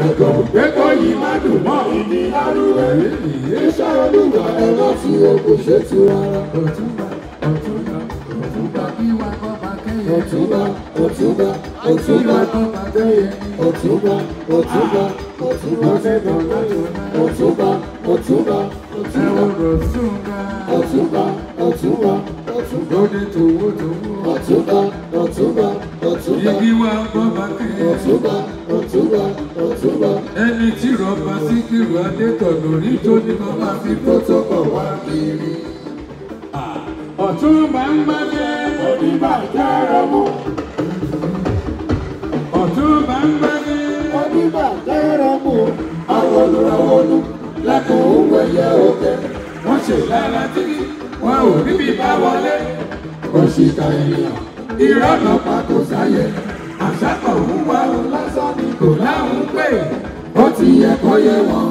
Èkó yìí má dùn mọ́ ìdí lárúwẹ̀. Iṣẹ́ olúwa ẹ̀rọ tí o kò ṣe tu rárá. Ọ̀túnba ọ̀túnba ọ̀túnba bí wà kọ́ bá kẹ́yẹ. Ọ̀túnba ọ̀túnba ọ̀túnba kọ́ bá kẹ́yẹ. Ọ̀túnba ọ̀túnba ọ̀túnba ọ̀túnba ọ̀túnba ọ̀túnba ọ̀túnba ọ̀túnba ọ̀túnba lóde tòwó tòwó. Ọ̀túnba ọ̀túnba ọ̀túnba. Igi wa gbọ́. ìlú adétọ̀ lórí tó ní kan máa fi protocol wá kiri. ọ̀tún máa ń gbájẹ́ oníbàjẹ́ ara mú. ọ̀tún máa ń gbájẹ́ oníbàjẹ́ ara mú. àwọn olùràwọ̀nù lákòó wẹ̀yẹ òkè. wọ́n ṣe lára tí wọn ò níbi bá wọlé. òṣìkà ènìyàn ìrọ̀lọ́pàá kò sáyẹ àṣà kan òun wọ. yẹ kó yé wọn.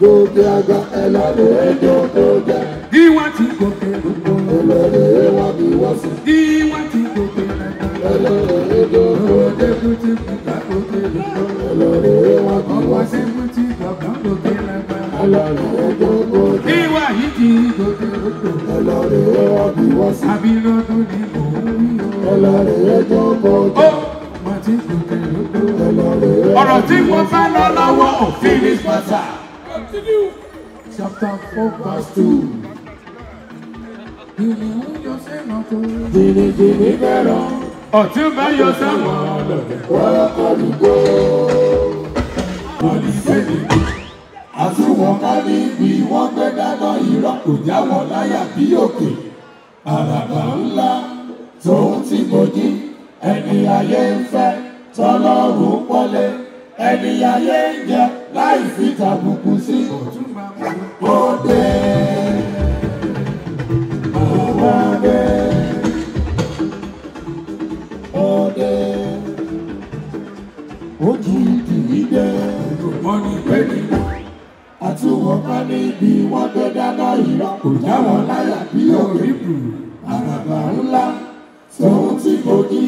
Gòkè àgbà ẹlọ́dẹ ẹjọ́ tó jẹ. Ìwà ti gòkè gbogbo. Ẹlọ́dẹ ẹwà bí wọ́n sì. Ìwà ti gòkè gbogbo. Ẹlọ́dẹ ẹjọ́ tó jẹ. Ọmọdé kú ti kúta gòkè gbogbo. Ẹlọ́dẹ ẹwà bí wọ́n sì. Ọmọdé kú ti kọ̀ọ̀kan gòkè lẹ́gbà. Ẹlọ́dẹ ẹjọ́ tó jẹ. Ìwà yìí ti gòkè gbogbo. Ẹlọ́dẹ ẹwà bí wọ́n sì. Àbí lọ́dún ni mò ń rí o ọ̀rọ̀ tí mo fẹ́ lọ lọ́wọ́ òfin is matter. chapter four verse two. jìnnìjìnnì bẹ̀rọ̀. ọ̀tún bá yọ sẹ́wọ̀n lọ́dọ̀ wọ́n kọlu gbó. wọ́n ní sẹ́yìn àtúwọ̀n kárí ibi wọ́n gbé dáná ìrọ̀ kò já láyà bí òkè àràbà ńlá tòun ti gòjì ẹni ayé ń fẹ́ tọ́lọ́rùn pọ́lẹ́ ẹni ayé ń jẹ láì sí tàbùkù sí òde òde òde ojú ìdìrí dé àtúwọ̀n bá níbi wọ́n gbé dáná ìrọ̀ kò dáwọ̀ láyà bí òrí bù àràbà ńlá tòun tí kò ní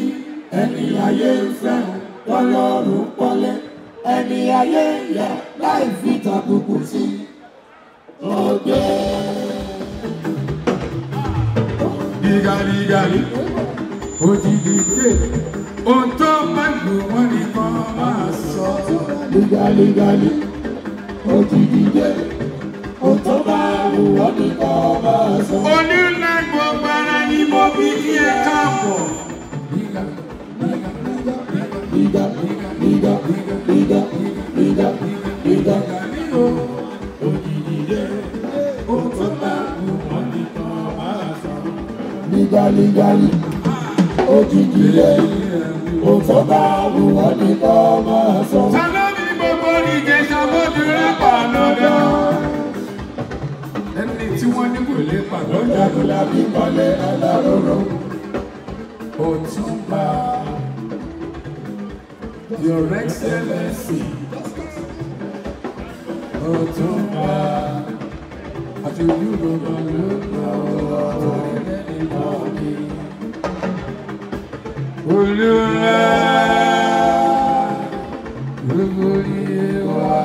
ẹni ayé ń fẹ́ràn lọ́lọ́run pọ́lẹ́ ẹni ayé yẹ láì fi tàbùkù sí òde. Gígarígarí òjijì dé ohun tó máa ń lò wọ́n nìkan máa sọ. Gígarígarí òjijì dé ohun tó máa ń lò wọ́n nìkan máa sọ. Onílẹ̀ gbogbo ni mo fi kí ẹ káàbọ̀. Gíga gíga gíga ìdá ìdá ìdá. Gàmíró òjijì dé, ó tó ta wọ́n ní kan máa sọ. Lígalígalí òjijì dé, ó tó ta wọ́n ní kan máa sọ. Sálọ́mì gbogbo ìjẹ̀ṣà bó ti rẹ́pà lọ́dọ̀. Ẹni tí wọ́n ní kò lè pàdánù. Your Excellency Ọ̀túnba àti olúgbọ̀gbọ̀ ló gbà ọ́ orílẹ̀-èdè náà ni. Olúwa gbogbo iye wa.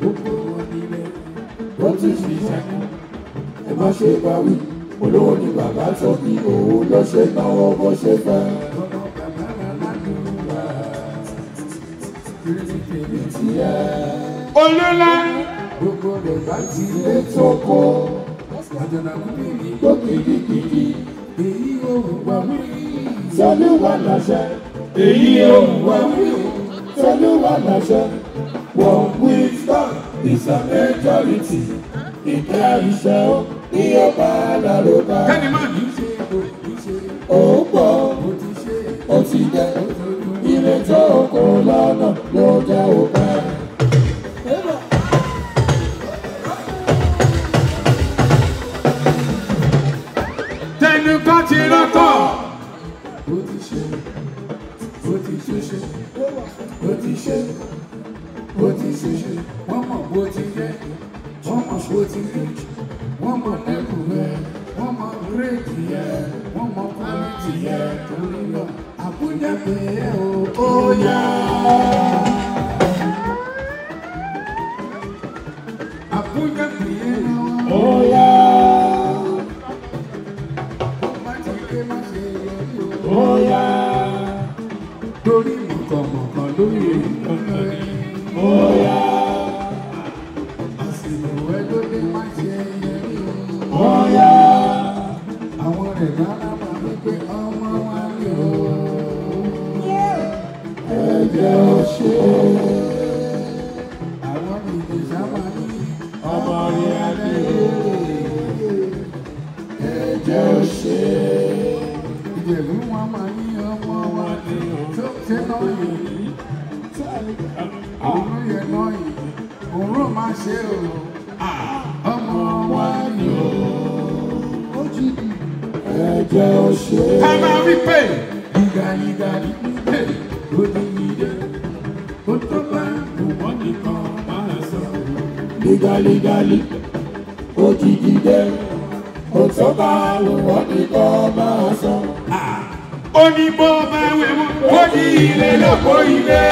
Gbogbo wọn nílẹ̀ wọ́n ti fi sẹ́kọ̀ọ́. Ẹ má ṣe bá wí, ni bàbá tó bí òun lọ́ṣẹ́ olúlá gbogbo rẹ̀ bá ti lé tókó àjọ̀dàkú mi ní gbòkèdèkèdè èyí òun wà wí sọlúwà láṣẹ èyí òun wà wí sọlúwà láṣẹ one wisdom is a majority ìka iṣẹ́ ó ní ọba aláròbá ó pọ̀ ó ti dẹ́. ṣe ti rí wọ́n mọ̀ lẹ́kùn rẹ̀ wọ́n mọ̀ gírèdì yẹ wọ́n mọ̀ kọ́lẹ́tì yẹ tó ń lọ Àbújá pé o ó yá. Àbújá òwúrọ̀ máa ṣe o ọmọ wa ni o ó ti di ẹ̀jẹ̀ ó ṣe. ká máa wí pé yígayíga ni pé ó ní yíyẹ ó tó bá òwò nìkan máa sọ. yígayígali ó ti di dẹ ó tó bá òwò nìkan máa sọ. ó ní bó bá wẹ̀ wọ́n ó ní ilé lóko ilé.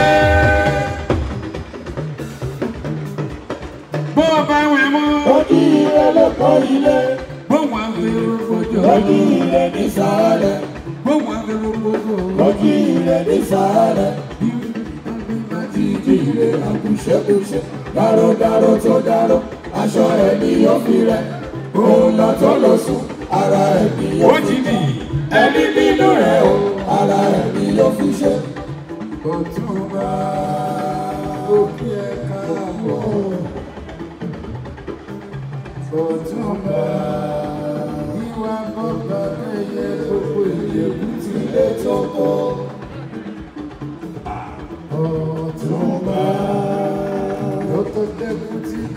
bó o bá wẹ̀ mọ́. ó ní ilé ló kọ́ ilé. bó wọn fi rúgbòjò. ó ní ilé ní sàárẹ̀. bó wọn fi rúgbòjò. ó ní ilé ní sàárẹ̀. àti ìdílé àkùṣẹ́kùṣẹ́ dáródáró tó dáró aṣọ ẹ̀ ni yóò rẹ̀. òun lọ tó lọ sùn ara ẹ̀ ni yóò fi rẹ̀. ẹni nínú rẹ̀ o ara ẹ̀ ni yóò ṣe. kò bá a.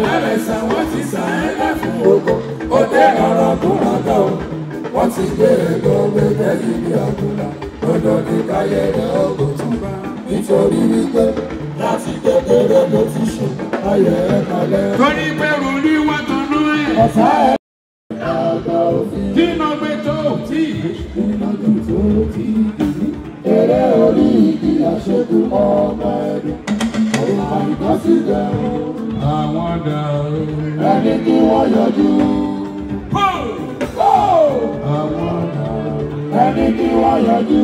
alárẹ̀sà wọ́n ti sàn án lẹ́fún oko ó dé ọ̀rọ̀ kúrọ̀dá o wọ́n ti gbé ẹ̀gbọ́ gbẹgbẹ́ ibi ọ̀gbùnà lọ́dọ̀ ní káyẹ̀dá ògùn tún bá nítorí wípé láti kékeré ló ti ṣe ayẹyẹ kalẹ̀. torí pé rúlí wọ́n tọ́nú ẹ̀. padà o. ẹni tí wọ́n yọjú. àwọn ọ̀dà ẹni tí wọ́n yọjú.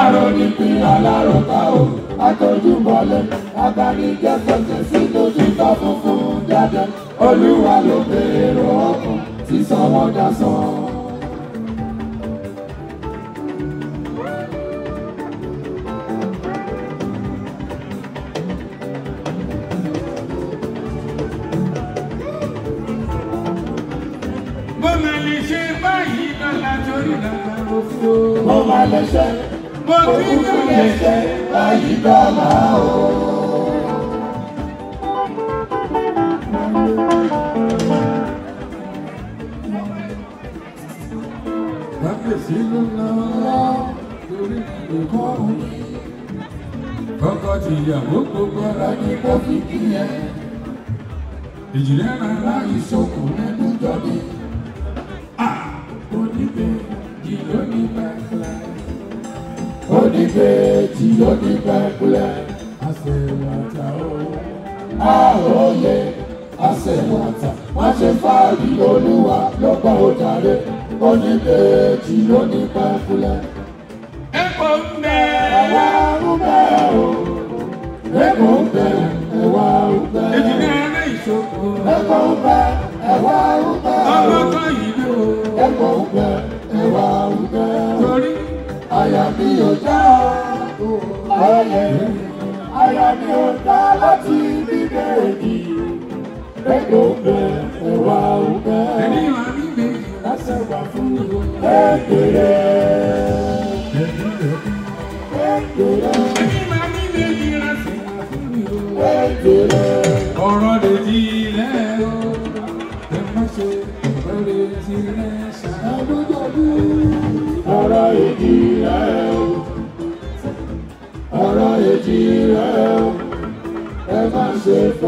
Aróníkì aláròká o, àtọ́júbọ̀lẹ̀, abánijẹ́ tọ́jú sínú títọ́ funfun jáde, Olúwa ló bèrè ọkàn, sísọ wọn dá sàn. lẹ́sẹ̀ mo kúkú lẹ́sẹ̀ báyìí dọ́là o. Kábíyèsí ló ná lórí ìkọ́ òní. Kọ́kọ́ ti yàgò gbogbo ara ní kófí kíyẹn. Ìjìnlẹ̀ náà láyé sókòó lẹ́nu jọ mi. Ah! Oníbẹ̀rẹ̀ méjì ló ní pẹ́pẹ́lẹ́. ó ní méjì ló ní pẹ́pẹ́lẹ́. àṣewàtà o. a ò lè àṣewàtà má ṣe fáàrí olúwa lọ́gbà ó jàre. ó ní méjì ló ní pẹ́pẹ́lẹ́. epo ń bẹ. ẹ̀wà ń bẹ o. epo ń bẹ ẹ̀wà ń bẹ. èjì ní alẹ́ ìṣòro. epo ń bẹ ẹ̀wà ń bẹ o. ọmọ yìí ló. epo ń bẹ àyà mi ò já o ọ̀rẹ́ àyà mi ò já láti bíbẹ èdè bẹ́ẹ̀ ògbẹ ẹ̀wà ògbẹ lásẹ̀ wà fún ẹ̀kẹrẹ. Ẹ̀kẹrẹ. Ẹ̀kẹrẹ. merciful.